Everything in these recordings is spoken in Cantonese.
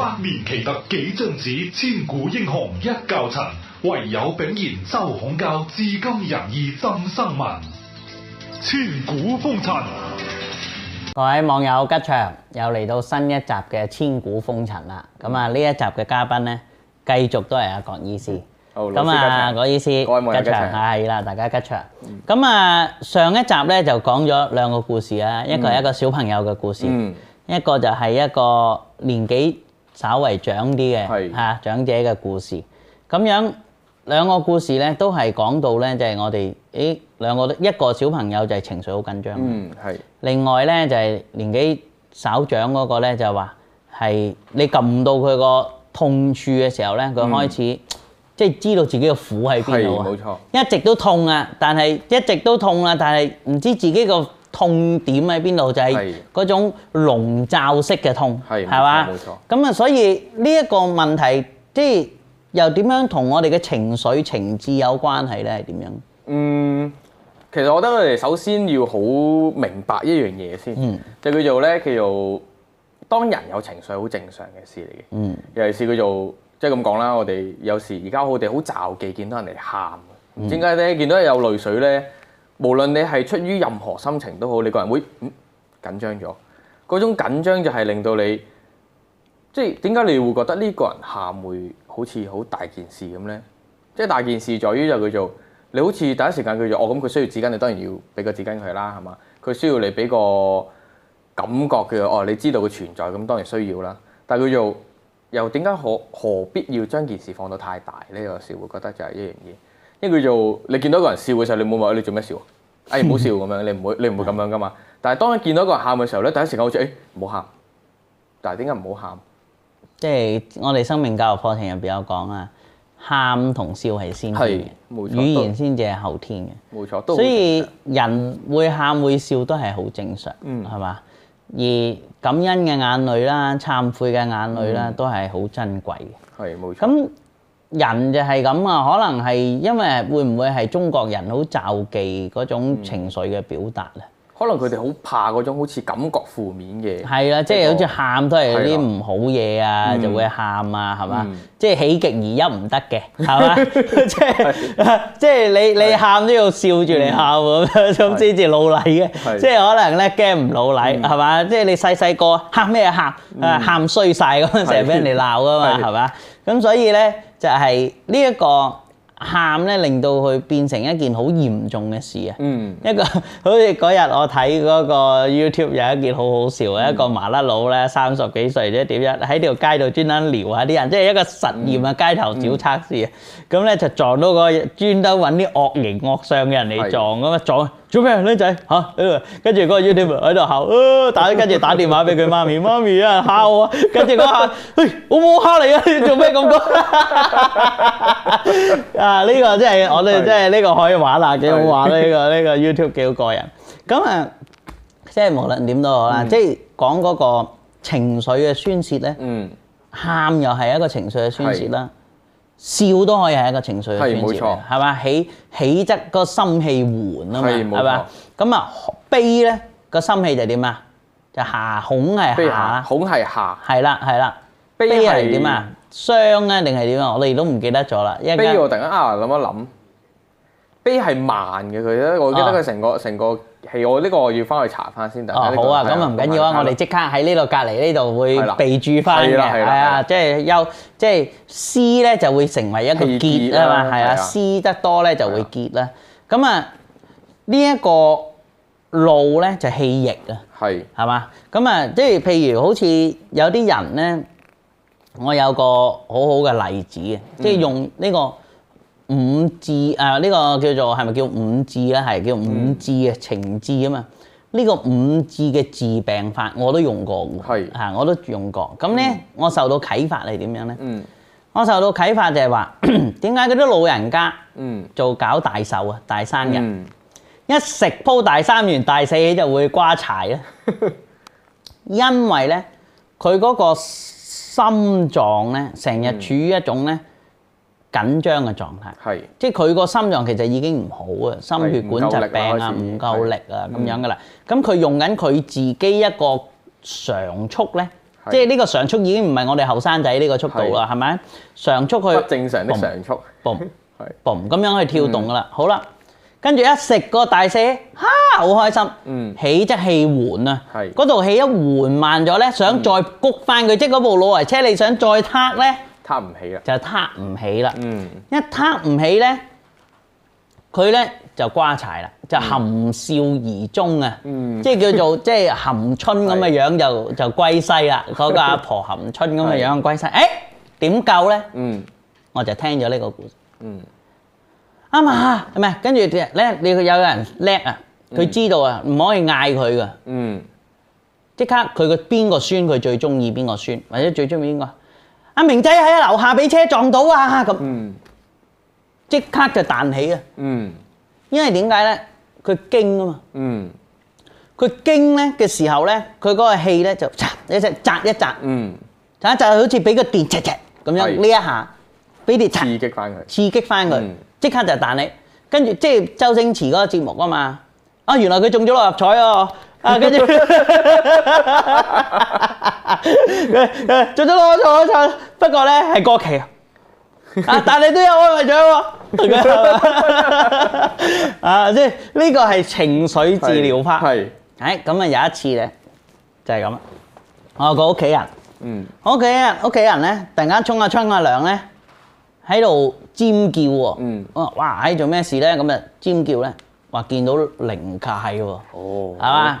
百年奇特幾張紙，千古英雄一窖塵。惟有炳然周孔教，至今仁義浸生民。千古風塵。各位網友吉祥，又嚟到新一集嘅《千古風塵》啦。咁啊，呢一集嘅嘉賓呢，繼續都係阿郭醫師。好、哦，啊，老師吉祥。郭醫師，吉祥係啦，大家吉祥。咁啊、嗯，上一集呢，就講咗兩個故事啊，一個係一個小朋友嘅故事，嗯、一個就係一,一個年紀。稍微長啲嘅嚇長者嘅故事，咁樣兩個故事咧都係講到咧，就係、是、我哋誒兩個一個小朋友就係情緒好緊張，嗯係。另外咧就係、是、年紀稍長嗰個咧就話係你撳到佢個痛處嘅時候咧，佢開始、嗯、即係知道自己嘅苦喺邊度啊，冇錯一、啊。一直都痛啊，但係一直都痛啊，但係唔知自己個。痛點喺邊度就係、是、嗰種籠罩式嘅痛，係嘛？冇錯。咁啊，所以呢一個問題，即、就、係、是、又點樣同我哋嘅情緒情志有關係咧？係點樣？嗯，其實我覺得我哋首先要好明白一樣嘢先，嗯、就叫做咧叫做當人有情緒，好正常嘅事嚟嘅。嗯，尤其是叫做即係咁講啦，我哋有時而家我哋好驕忌地見到人哋喊，點解咧？見到有淚水咧？無論你係出於任何心情都好，你個人會、嗯、緊張咗。嗰種緊張就係令到你，即係點解你會覺得呢個人喊會好似好大件事咁呢？即係大件事在於就叫、是、做你好似第一時間叫、就、做、是、哦咁，佢需要紙巾，你當然要俾個紙巾佢啦，係嘛？佢需要你俾個感覺佢哦，你知道佢存在，咁當然需要啦。但係叫做又點解何何必要將件事放到太大呢？有時會覺得就係一樣嘢。叫做你見到一個人笑嘅時候，你冇問你做咩笑？哎，唔好笑咁樣，你唔會你唔會咁樣噶嘛。 但係當你見到一個人喊嘅時候咧，第一時間好似哎唔好喊。但係點解唔好喊？即係我哋生命教育課程入邊有講啊，喊同笑係先天嘅，語言先至係後天嘅。冇錯，所以人會喊會笑都係好正常，係嘛、嗯？而感恩嘅眼淚啦、懺悔嘅眼淚啦，都係好珍貴嘅。係冇、嗯嗯、錯。咁。人就係咁啊，可能係因為會唔會係中國人好就忌嗰種情緒嘅表達咧？可能佢哋好怕嗰種好似感覺負面嘅。係啦，即係好似喊都係啲唔好嘢啊，就會喊啊，係嘛？即係喜極而泣唔得嘅，係嘛？即係即係你你喊都要笑住嚟喊咁樣，咁先至老禮嘅。即係可能咧驚唔老禮，係嘛？即係你細細個喊咩喊？誒喊衰晒咁啊，成日俾人哋鬧啊嘛，係嘛？咁所以咧。就係、是這個、呢一個喊咧，令到佢變成一件嚴、嗯、一好嚴重嘅事啊！嗯，一個好似嗰日我睇嗰個 YouTube 有一件好好笑，一個麻甩佬咧，三十幾歲啫，者點樣喺條街度專登撩下啲人，即係一個實驗啊，街頭小測試啊，咁咧就撞到、那個專登揾啲惡形惡相嘅人嚟撞咁啊撞。做咩啊，僆仔嚇？跟住嗰個 YouTube 喺度喊、呃，打跟住打電話俾佢媽咪，媽咪有人嚇我啊，喊啊！跟住嗰下，嘿，我冇嚇你啊！你做咩咁講？ 啊，呢、這個、就是、的真係我哋真係呢個可以玩啊，幾好玩呢的、這個呢、這個 YouTube 幾好過人。咁啊，即係無論點都好啦，嗯、即係講嗰個情緒嘅宣泄咧，嗯，喊又係一個情緒嘅宣泄啦。笑都可以係一個情緒嘅宣泄，係嘛？起起則個心氣緩啊嘛，係嘛？咁啊，悲咧個心氣就點啊？就下恐係下恐恐係下，係啦係啦。悲係點啊？傷啊定係點啊？我哋都唔記得咗啦。一陣間，悲我突然間啊諗一諗。B 係慢嘅佢咧，我記得佢成個成個係我呢個我要翻去查翻先得。好啊，咁啊唔緊要啊，我哋即刻喺呢個隔離呢度會備註翻嘅，係啊，即係休，即係、就是、C 咧就會成為一個結啊嘛，係啊，C 得多咧就會結啦。咁啊呢一個露咧就氣液啊，係係嘛？咁啊即係譬如好似有啲人咧，我有個好好嘅例子啊，即、就、係、是、用呢、這個。五志誒呢個叫做係咪叫五志咧？係叫五志嘅情志啊嘛。呢個五志嘅治病法我都用過嘅，係嚇我都用過。咁咧我受到啟發係點樣咧？我受到啟發就係話點解嗰啲老人家做搞大壽啊、大生日，一食鋪大三元、大四喜就會瓜柴咧？因為咧佢嗰個心臟咧成日處於一種咧。緊張嘅狀態，係即係佢個心臟其實已經唔好啊，心血管疾病啊，唔夠力啊咁樣噶啦。咁佢用緊佢自己一個常速咧，即係呢個常速已經唔係我哋後生仔呢個速度啦，係咪？常速去，正常啲，常速，嘣，係嘣咁樣去跳動噶啦。好啦，跟住一食個大蛇，哈，好開心。嗯，起即係氣緩啊，係嗰度起一緩慢咗咧，想再谷翻佢即嗰部老維車，你想再撻咧？撐唔起啦， 起他就撐唔起啦。嗯，一撐唔起咧，佢咧就瓜柴啦，就含笑而終啊。嗯， 即係叫做即係含春咁嘅樣就就歸西啦。嗰、那個阿婆含春咁嘅樣歸西。誒、欸，點救咧？嗯， 我就聽咗呢個故事。嗯，啱啊係咪？跟住咧，你有個人叻啊，佢知道啊，唔可以嗌佢噶。嗯，即 刻佢嘅邊個孫，佢最中意邊個孫，或者最中意邊個？阿明仔喺樓下俾車撞到啊，咁即刻就彈起啊，因為點解咧？佢驚啊嘛，佢驚咧嘅時候咧，佢嗰個氣咧就扎一扎扎一扎，扎一扎好似俾個電，扎扎咁樣，呢一下俾啲刺激翻佢，刺激翻佢，即刻就彈起！跟住即係周星馳嗰個節目啊嘛，啊原來佢中咗六合彩啊！ 啊，跟住，誒做咗好多錯，錯不過咧係過期啊！啊，但你都有安慰獎喎， 啊即係呢個係情緒治療法。係，誒咁啊有一次咧就係咁啦，我、哦那個屋企人，嗯，屋企人屋企人咧突然間衝下、啊、春、啊，下涼咧喺度尖叫喎，嗯，哇喺做咩事咧？咁啊尖叫咧話見到靈界喎、啊，哦，係嘛？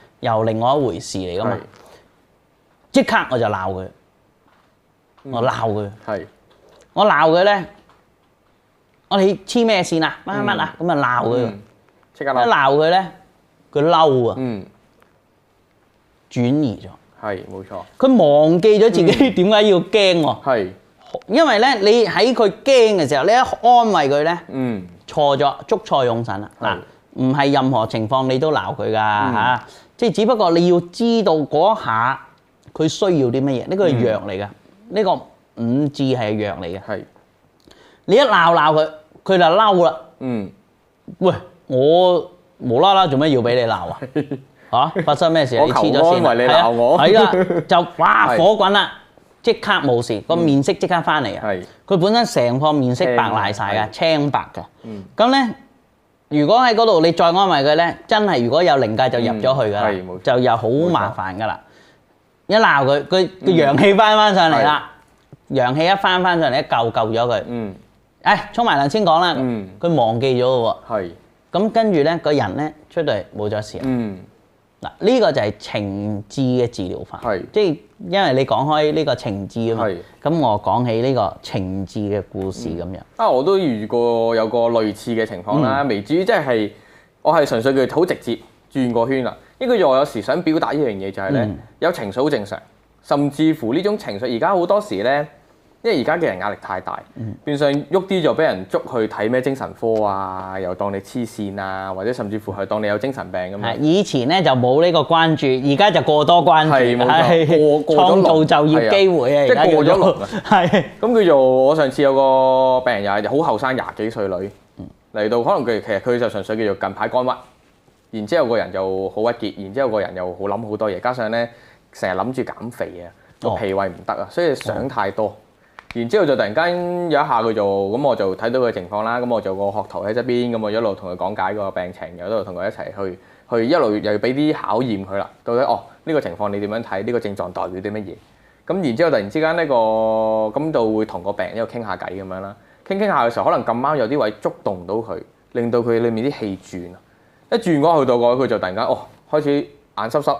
又另外一回事嚟噶嘛？即刻我就鬧佢，我鬧佢，我鬧佢咧，我哋黐咩線啊？乜乜乜啊？咁啊鬧佢，一鬧佢咧，佢嬲啊，轉移咗，係冇錯。佢忘記咗自己點解要驚喎，係，因為咧你喺佢驚嘅時候，你一安慰佢咧，錯咗，捉錯用神啦嗱。唔係任何情況你都鬧佢噶嚇，即係只不過你要知道嗰下佢需要啲乜嘢，呢個係藥嚟噶，呢個五字係藥嚟嘅。係，你一鬧鬧佢，佢就嬲啦。嗯，喂，我無啦啦做咩要俾你鬧啊？嚇，發生咩事？你黐咗先，我求安慰你鬧我。係啦，就哇火滾啦，即刻冇事，個面色即刻翻嚟啊。係，佢本身成個面色白瀨晒嘅，青白嘅。嗯，咁咧。如果喺嗰度你再安慰佢咧，真係如果有靈界就入咗去噶啦，嗯、就又好麻煩噶啦。錯一鬧佢，佢佢陽氣翻翻上嚟啦，嗯、陽氣一翻翻上嚟，一救救咗佢。嗯，哎，沖埋涼先講啦，佢忘記咗喎。係。咁跟住咧，個人咧出到嚟冇咗事。嗯。嗱，呢個就係情志嘅治療法，係是即係因為你講開呢個情志啊嘛，咁是我講起呢個情志嘅故事咁樣。啊，我都遇過有個類似嘅情況啦，未、嗯、至於即係我係純粹佢好直接轉個圈啦。呢句話我有時想表達一樣嘢就係、是、咧，嗯、有情緒好正常，甚至乎呢種情緒而家好多時咧。因為而家嘅人壓力太大，嗯、變相喐啲就俾人捉去睇咩精神科啊，又當你黐線啊，或者甚至乎係當你有精神病咁樣。以前咧就冇呢個關注，而家就過多關注，係過過咗龍 創造就業機會啊！即、啊、過咗龍，係咁叫做我上次有個病人又係好後生，廿幾歲女嚟、嗯、到，可能佢其實佢就純粹叫做近排肝鬱，然之後個人又好鬱結，然之後個人又好諗好多嘢，加上咧成日諗住減肥啊，個脾胃唔得啊，所以想太多。然之後就突然間有一下佢就咁，我就睇到佢情況啦，咁我就個學徒喺側邊，咁我一路同佢講解個病情，又一路同佢一齊去去一路又要俾啲考驗佢啦。到底哦呢個情況你點樣睇？呢個症狀代表啲乜嘢？咁然之後突然之間呢個咁就會同個病人一個傾下偈咁樣啦。傾傾下嘅時候，可能咁啱有啲位觸動到佢，令到佢裏面啲氣轉，一轉嗰下去到個佢就突然間哦開始眼濕濕，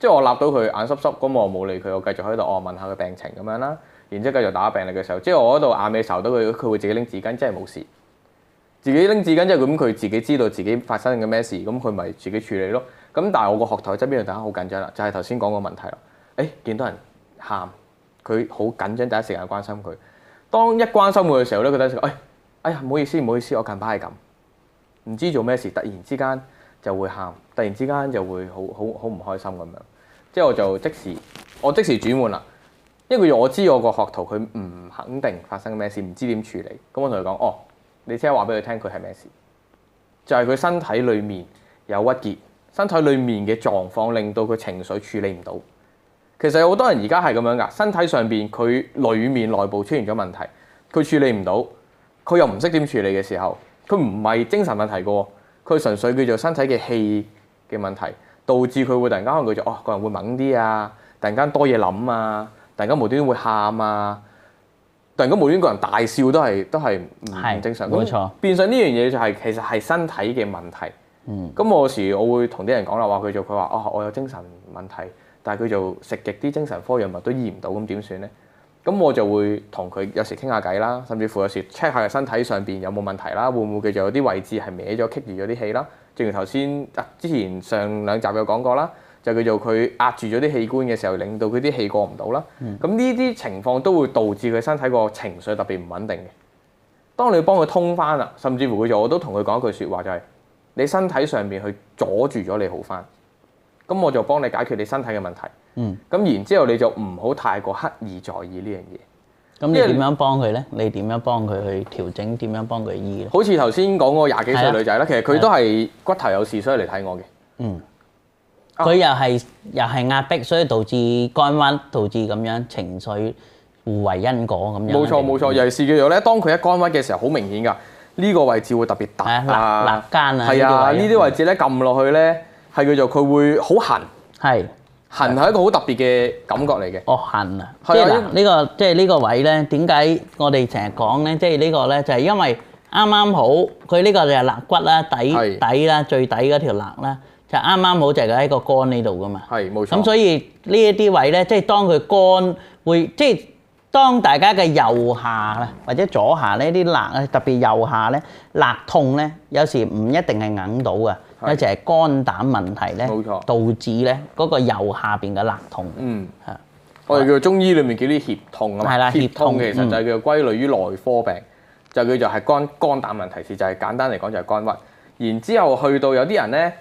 即係我揦到佢眼濕濕，咁我冇理佢，我繼續喺度我問下佢病情咁樣啦。然之後繼續打病歷嘅時候，即係我嗰度眼尾受到佢，佢會自己拎紙巾，真係冇事。自己拎紙巾即係咁，佢自己知道自己發生緊咩事，咁佢咪自己處理咯。咁但係我個學台側邊嘅大家好緊張啦，就係頭先講個問題啦。誒、哎、見到人喊，佢好緊張，第一時間關心佢。當一關心我嘅時候咧，佢第一時間誒，哎呀唔好意思，唔好意思，我近排係咁，唔知做咩事，突然之間就會喊，突然之間就會好好好唔開心咁樣。即係我就即時，我即時轉換啦。因為我知道我個學徒佢唔肯定發生咩事，唔知點處理。咁我同佢講：哦，你即刻話俾佢聽，佢係咩事？就係、是、佢身體裏面有鬱結，身體裏面嘅狀況令到佢情緒處理唔到。其實有好多人而家係咁樣噶，身體上邊佢裏面內部出現咗問題，佢處理唔到，佢又唔識點處理嘅時候，佢唔係精神問題噶，佢純粹叫做身體嘅氣嘅問題，導致佢會突然間可能叫做：「哦，個人會猛啲啊，突然間多嘢諗啊。突然間無端端會喊啊！突然間無端端個人大笑都係都係唔正常。冇錯。變相呢樣嘢就係其實係身體嘅問題。嗯。咁我有時我會同啲人講啦，話佢就佢話啊，我有精神問題，但係佢就食極啲精神科藥物都醫唔到，咁點算咧？咁我就會同佢有時傾下偈啦，甚至乎有時 check 下佢身體上邊有冇問題啦，會唔會佢就有啲位置係歪咗、畸住咗啲氣啦？正如頭先之前上兩集有講過啦。就叫做佢壓住咗啲器官嘅時候，令到佢啲氣過唔到啦。咁呢啲情況都會導致佢身體個情緒特別唔穩定嘅。當你要幫佢通翻啦，甚至乎佢就我都同佢講一句説話，就是，就係你身體上邊去阻住咗，你好翻。咁我就幫你解決你身體嘅問題。嗯。咁然之後，後你就唔好太過刻意在意呢樣嘢。咁、嗯、為你點樣幫佢咧？你點樣幫佢去調整？點樣幫佢醫咧？好似頭先講嗰個廿幾歲女仔咧，嗯、其實佢都係骨頭有事，所以嚟睇我嘅。嗯。佢又係又係壓迫，所以導致肝鬱，導致咁樣情緒互為因果咁樣。冇錯冇錯，尤其是叫做咧，當佢一肝鬱嘅時候，好明顯㗎。呢、呢個位置會特別大肋肋間啊。係啊，呢啲位置咧撳落去咧，係叫做佢會好痕。係痕係一個好特別嘅感覺嚟嘅。哦，痕啊！係啊，呢個即係呢個位咧，點解我哋成日講咧？即係呢個咧，就係、係就係、因為啱啱好佢呢個就係肋骨啦、底底啦、最底嗰條肋啦。就啱啱好就係佢喺個肝呢度噶嘛，係冇錯。咁所以呢一啲位咧，即係當佢肝會，即係當大家嘅右下咧，或者左下咧啲肋啊，特別右下咧肋痛咧，有時唔一定係硬到嘅，有時係肝膽問題咧，冇錯，導致咧嗰個右下邊嘅肋痛。嗯，嚇，我哋叫中醫裡面叫啲脅痛啊嘛，係啦，脅痛其實就係叫做歸類於內科病，就叫做係肝肝膽問題事，就係簡單嚟講就係肝鬱。然之後去到有啲人咧。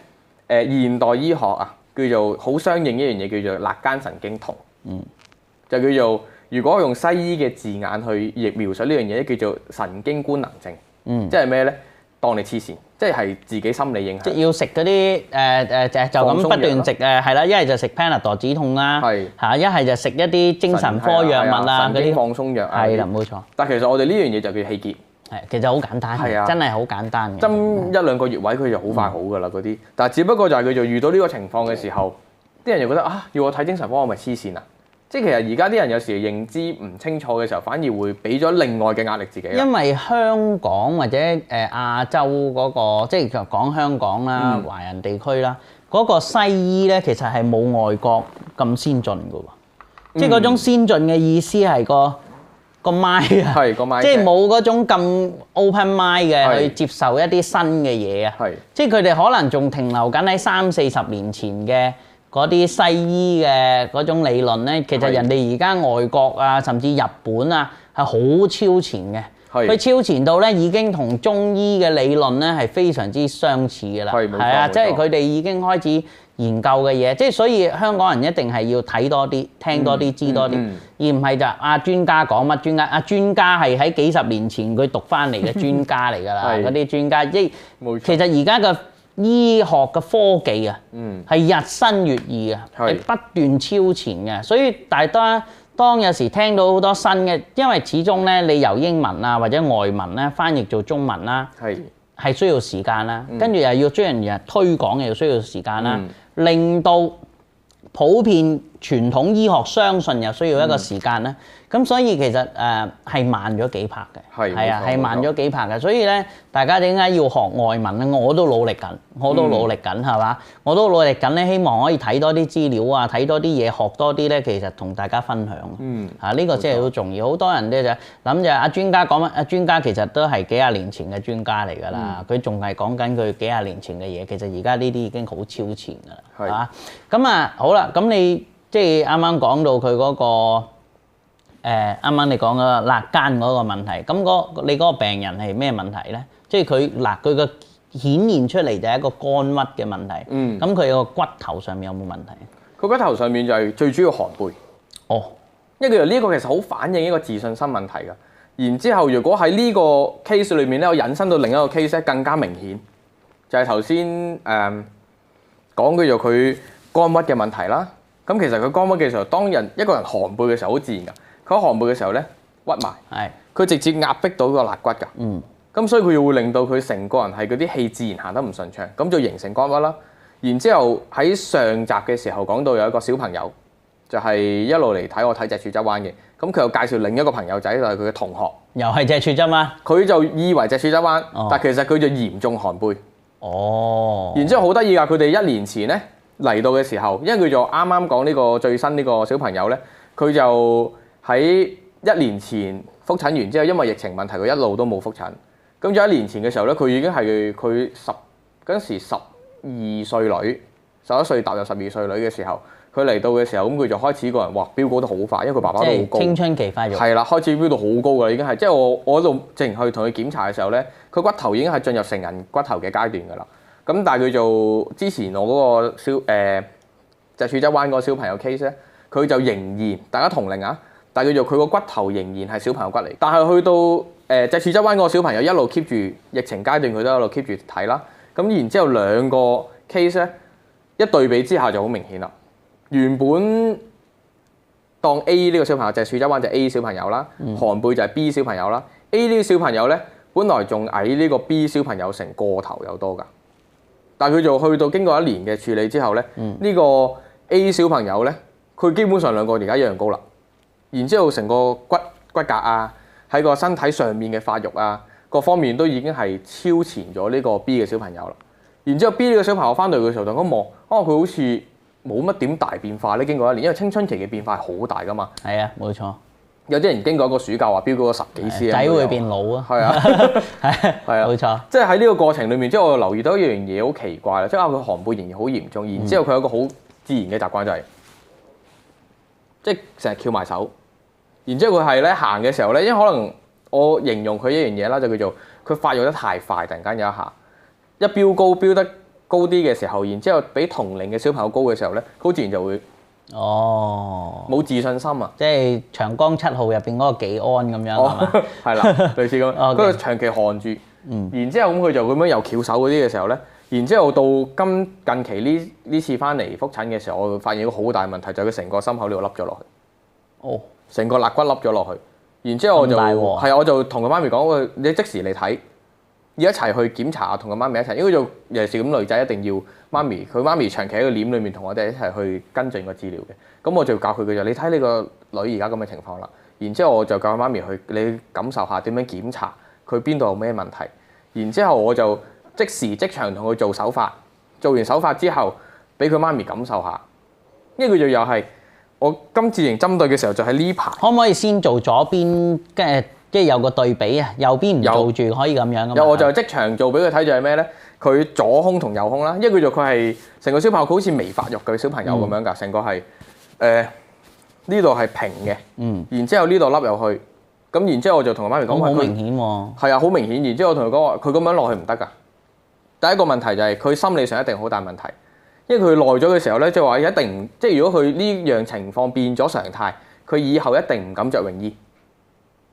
誒現代醫學啊，叫做好相應一樣嘢，叫做肋間神經痛，嗯、就叫做如果用西醫嘅字眼去描述呢樣嘢，叫做神經官能症，嗯、即係咩咧？當你黐線，即係自己心理影響。即係要食嗰啲誒誒就咁不斷食誒，係啦，一係就食 Panadol 止痛啦，嚇是一係就食一啲精神科藥物啦，啲放鬆藥嗰啲，係啦冇錯。但其實我哋呢樣嘢就叫氣結。其實好簡單，的真係好簡單嘅，針一兩個穴位佢的就好快好噶啦嗰啲。但係只不過就係佢就遇到呢個情況嘅時候，啲、嗯、人就覺得啊，要我睇精神科我咪黐線啦。即係其實而家啲人有時認知唔清楚嘅時候，反而會俾咗另外嘅壓力自己。因為香港或者誒亞洲嗰、嗰個，即係其實就講香港啦、華人地區啦，嗰、嗯、個西醫咧其實係冇外國咁先進噶喎。即係嗰種先進嘅意思係個。個咪，啊，即係冇嗰種咁 open 麥嘅去接受一啲新嘅嘢啊。即係佢哋可能仲停留緊喺三四十年前嘅嗰啲西醫嘅嗰種理論咧。其實人哋而家外國啊，甚至日本啊，係好超前嘅。佢是的 超前到咧已經同中醫嘅理論咧係非常之相似㗎啦。係啊，的即係佢哋已經開始。研究嘅嘢，即係所以香港人一定係要睇多啲、聽多啲、知多啲，嗯嗯嗯、而唔係就是、啊專家講乜專家啊專家係喺幾十年前佢讀翻嚟嘅專家嚟㗎啦，嗰啲 是專家即係錯其實而家嘅醫學嘅科技啊，係、嗯、日新月異啊，係是不斷超前嘅，所以大家當，當有時聽到好多新嘅，因為始終咧你由英文啊或者外文咧翻譯做中文啦，係係是需要時間啦，嗯、跟住又要將人又推廣又需要時間啦。嗯令到普遍傳統醫學相信，又需要一個時間咧。咁所以其實誒係慢咗幾拍嘅，係是啊，係錯慢咗幾拍嘅。所以咧，大家點解要學外文咧？我都努力緊，我都努力緊，係嘛、嗯？我都努力緊咧，希望可以睇多啲資料啊，睇多啲嘢，學多啲咧。其實同大家分享，嗯，嚇呢、啊這個真係好重要。好、嗯、多人咧就諗就阿專家講乜？阿專家其實都係幾廿年前嘅專家嚟㗎啦，佢仲係講緊佢幾廿年前嘅嘢。其實而家呢啲已經好超前㗎啦，係咁啊，好啦，咁你即係啱啱講到佢嗰、那個。誒，啱啱你講嗰個肋間嗰個問題，咁你嗰個病人係咩問題咧？即係佢嗱，佢、啊、個顯現出嚟就係一個肝鬱嘅問題。嗯，咁佢個骨頭上面有冇問題？佢骨頭上面就係最主要寒背。哦，因為佢呢個其實好反映一個自信心問題㗎。然之後，如果喺呢個 case 裏面咧，我引申到另一個 case 更加明顯，就係頭先誒講嘅就佢肝鬱嘅問題啦。咁其實佢肝鬱嘅時候，當人一個人寒背嘅時候，好自然㗎。佢寒背嘅時候咧，屈埋，佢直接壓迫到個肋骨㗎，咁、嗯、所以佢又會令到佢成個人係嗰啲氣自然行得唔順暢，咁就形成肝鬱啦。然之後喺上集嘅時候講到有一個小朋友，就係、是、一路嚟睇我睇脊柱側彎嘅，咁佢又介紹另一個朋友仔就係佢嘅同學，又係脊柱側彎，佢就以為脊柱側彎，哦、但其實佢就嚴重寒背。哦，然之後好得意㗎，佢哋一年前咧嚟到嘅時候，因為佢就啱啱講呢個最新呢個小朋友咧，佢就。喺一年前復診完之後，因為疫情問題，佢一路都冇復診。咁在一年前嘅時候咧，佢已經係佢十嗰陣時十二歲女，十一歲踏入十二歲女嘅時候，佢嚟到嘅時候，咁佢就開始個人哇，飆高得好快，因為佢爸爸都好高，即係青春期發育係啦，開始飆到好高㗎啦，已經係即係我我喺度正去同佢檢查嘅時候咧，佢骨頭已經係進入成人骨頭嘅階段㗎啦。咁但係佢就之前我嗰個小誒石柱則灣個小朋友 case 咧，佢就仍然大家同齡啊。但係叫做佢個骨頭仍然係小朋友骨嚟，但係去到誒脊、呃、柱側彎個小朋友一路 keep 住疫情階段，佢都一路 keep 住睇啦。咁然之後兩個 case 咧一對比之下就好明顯啦。原本當 A 呢個小朋友脊、就是、柱側彎就 A 小朋友啦，嗯、寒背就係 B 小朋友啦。嗯、A 呢個小朋友咧，本來仲矮呢個 B 小朋友成個頭有多㗎，但係叫做去到經過一年嘅處理之後咧，呢、嗯、個 A 小朋友咧，佢基本上兩個而家一樣高啦。然之後成個骨骨骼啊，喺個身體上面嘅發育啊，各方面都已經係超前咗呢個 B 嘅小朋友啦。然之後 B 呢個小朋友返到去嘅時候，就咁望，哦、啊，佢好似冇乜點大變化咧。經過一年，因為青春期嘅變化係好大㗎嘛。係啊，冇錯。有啲人經過一個暑假話標高咗十幾釐啊。仔會變老啊。係啊，係 啊，冇錯錯。即係喺呢個過程裡面，即係我留意到一樣嘢好奇怪啦，即係啊佢寒背仍然好嚴重，然之後佢有個好自然嘅習慣就係、係就係，即係成日翹埋手。然之後佢係咧行嘅時候咧，因為可能我形容佢一樣嘢啦，就叫做佢發育得太快，突然間有一下一飆高飆得高啲嘅時候，然之後比同齡嘅小朋友高嘅時候咧，高自然就會哦冇自信心啊，即係長江七號入邊嗰個幾安咁樣係嘛？啦、哦，吧 類似咁的，跟住 長期焊住、嗯，然之後咁佢就咁樣又翹手嗰啲嘅時候咧，然之後到今近期呢呢次翻嚟復診嘅時候，我會發現個好大問題就係佢成個心口呢度凹咗落去哦。成個肋骨凹咗落去，然之後我就係我就同佢媽咪講：你即時嚟睇，要一齊去檢查，同佢媽咪一齊，因為做尤其是咁女仔一定要媽咪，佢媽咪長期喺個簾裏面同我哋一齊去跟進個治療嘅。咁我就教佢佢就，你睇呢個女而家咁嘅情況啦。然之後我就教佢媽咪去，你感受下點樣檢查佢邊度有咩問題。然之後我就即時即場同佢做手法，做完手法之後俾佢媽咪感受下。呢個就又係。我今次塔針對嘅時候就喺呢排，可唔可以先做左邊，跟住即係有個對比啊，右邊唔做住有可以咁樣噶，有我就即場做俾佢睇，就係咩咧？佢左胸同右胸啦，因為佢做佢係成個小朋友，佢好似未發育嘅小朋友咁樣㗎，成個係誒呢度係平嘅，嗯，呃、嗯然之後呢度凹入去，咁然之後我就同佢媽咪講話，好很他明顯喎，係啊，好明顯，然之後我同佢講話，佢咁樣落去唔得㗎，第一個問題就係佢心理上一定好大問題。因為佢耐咗嘅時候咧，即係話一定，即係如果佢呢樣情況變咗常態，佢以後一定唔敢着泳衣。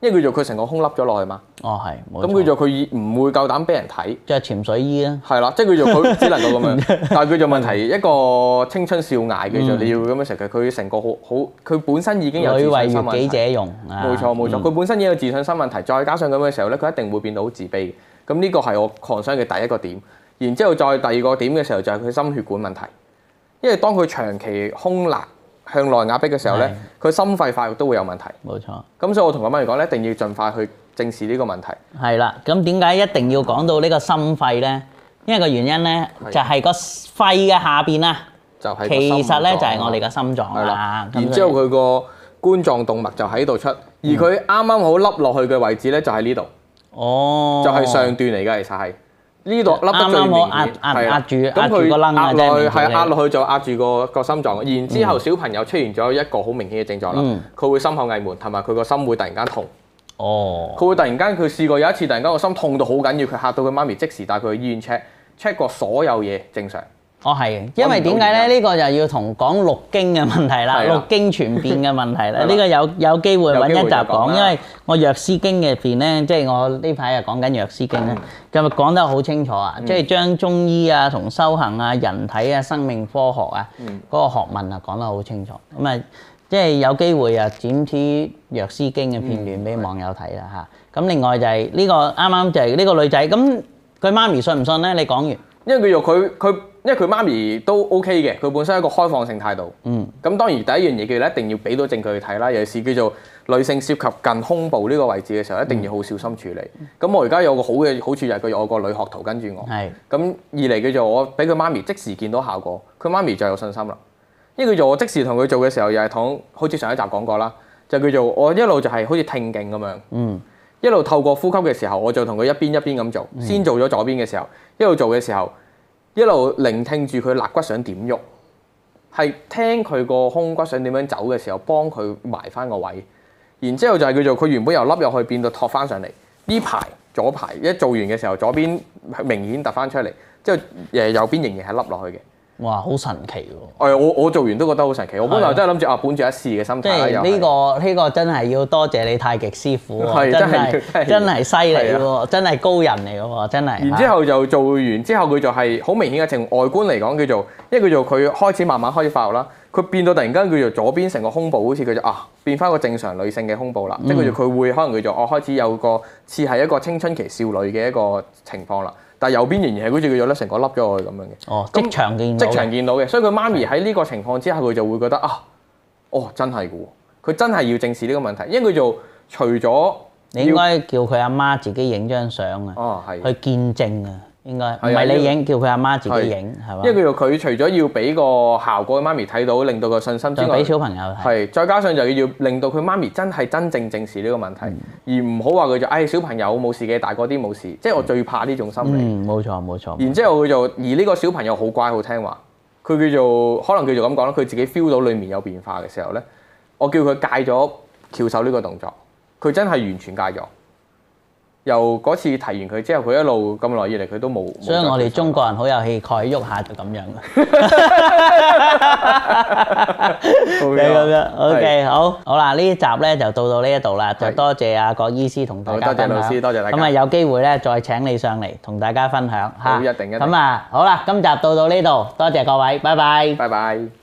因為、哦、叫做佢成個胸凹咗落去嘛。哦，係。咁叫做佢唔會夠膽俾人睇。即係潛水衣啊。係啦，即係叫做佢只能夠咁樣。 但係叫做問題， 一個青春少艾嘅，做你、嗯、要咁樣食嘅，佢成個好好，佢本身已經有自信心問題。者用、嗯。冇錯冇錯，佢、嗯、本身已經有自信心問題，再加上咁嘅時候咧，佢一定會變到好自卑。咁呢個係我抗傷嘅第一個點。然之後再第二個點嘅時候就係佢心血管問題，因為當佢長期胸肋向內壓迫嘅時候呢，佢心肺發育都會有問題。冇錯。咁所以我同阿斌哥講一定要盡快去正視呢個問題。係啦，咁點解一定要講到呢個心肺呢？因為個原因呢，就係個肺嘅下邊啦，就係其實呢，就係我哋嘅心臟啦。然之後佢個冠狀動脈就喺度出，而佢啱啱好凹落去嘅位置呢，就喺呢度。哦。就係上段嚟嘅，其實係。呢度凹得最明顯，係壓住，咁佢壓落去，係壓落去就壓住個個心臟。然之後小朋友出現咗一個好明顯嘅症狀啦，佢會心口翳悶同埋佢個心會突然間痛。哦，佢會突然間，佢試過有一次突然間個心痛到好緊要，佢嚇到佢媽咪即時帶佢去醫院 check check 過所有嘢正常。我係，因為點解咧？呢個就要同講六經嘅問題啦，六經傳變嘅問題咧。呢個有有機會揾一集講，因為我《藥師經》入邊咧，即係我呢排又講緊《藥師經》咧，今日講得好清楚啊！即係將中醫啊、同修行啊、人體啊、生命科學啊嗰個學問啊講得好清楚。咁啊，即係有機會啊，剪啲《藥師經》嘅片段俾網友睇啦嚇。咁另外就係呢個啱啱就係呢個女仔，咁佢媽咪信唔信咧？你講完，因為佢話佢佢。因為佢媽咪都 OK 嘅，佢本身係一個開放性態度。嗯。咁當然第一樣嘢叫一定要俾到證據去睇啦。尤其係叫做女性涉及近胸部呢個位置嘅時候，一定要好小心處理。咁我而家有個好嘅好處就係佢有個女學徒跟住我。係是。咁二嚟嘅就我俾佢媽咪即時見到效果，佢媽咪就有信心啦。因為叫做我即時同佢做嘅時候，又係同好似上一集講過啦，就叫做我一路就係好似聽勁咁樣。嗯。一路透過呼吸嘅時候，我就同佢一邊一邊咁做，先做咗左邊嘅時候，一路做嘅時候。一路聆聽住佢肋骨想點喐，係聽佢個胸骨想點樣走嘅時候，幫佢埋翻個位，然之後就係叫做佢原本由凹入去變到托翻上嚟。呢排左排一做完嘅時候，左邊明顯凸翻出嚟，之後誒右邊仍然係凹落去嘅。哇，好神奇喎！我我做完都覺得好神奇，我本來真係諗住啊，本住一試嘅心態。即係呢個呢個真係要多謝你太極師傅啊！真係真係犀利喎，真係高人嚟嘅喎，真係。然之後就做完之後，佢就係好明顯嘅情外觀嚟講，叫做因為叫做佢開始慢慢開始發育啦。佢變到突然間叫做左邊成個胸部好似佢就啊變翻個正常女性嘅胸部啦，跟住佢會可能叫做我、啊、開始有個似係一個青春期少女嘅一個情況啦。但係右邊仍然係好似佢咗粒成個凹咗落去咁樣嘅。哦，即場見，即場見到嘅，所以佢媽咪喺呢個情況之下，佢就會覺得啊，哦，真係㗎喎，佢真係要正視呢個問題，因為佢就除咗你應該叫佢阿媽、媽自己影張相啊，哦，係去見證啊。哦應該唔係你影，的叫佢阿媽，媽自己影係嘛？的吧因為佢做佢除咗要俾個效果，媽咪睇到，令到個信心，再俾小朋友睇係，再加上就要要令到佢媽咪真係真正正視呢個問題，嗯、而唔好話佢就誒小朋友冇事嘅，大個啲冇事。即、就、係、是、我最怕呢種心理。冇錯冇錯。然之後佢就而呢個小朋友好乖好聽話，佢叫做可能叫做咁講啦，佢自己 feel 到裡面有變化嘅時候咧，我叫佢戒咗翹手呢個動作，佢真係完全戒咗。由嗰次提完佢之後，佢一路咁耐以嚟佢都冇。所以我哋中國人好有氣概喐下就咁樣。就咁樣。OK，好，好啦，呢一集咧就到到呢一度啦，就多謝阿郭醫師同大家。多謝老師，多謝大家。咁啊，有機會咧再請你上嚟同大家分享吓。好，一定一定。咁啊，好啦，今集到到呢度，多謝各位，拜拜。拜拜。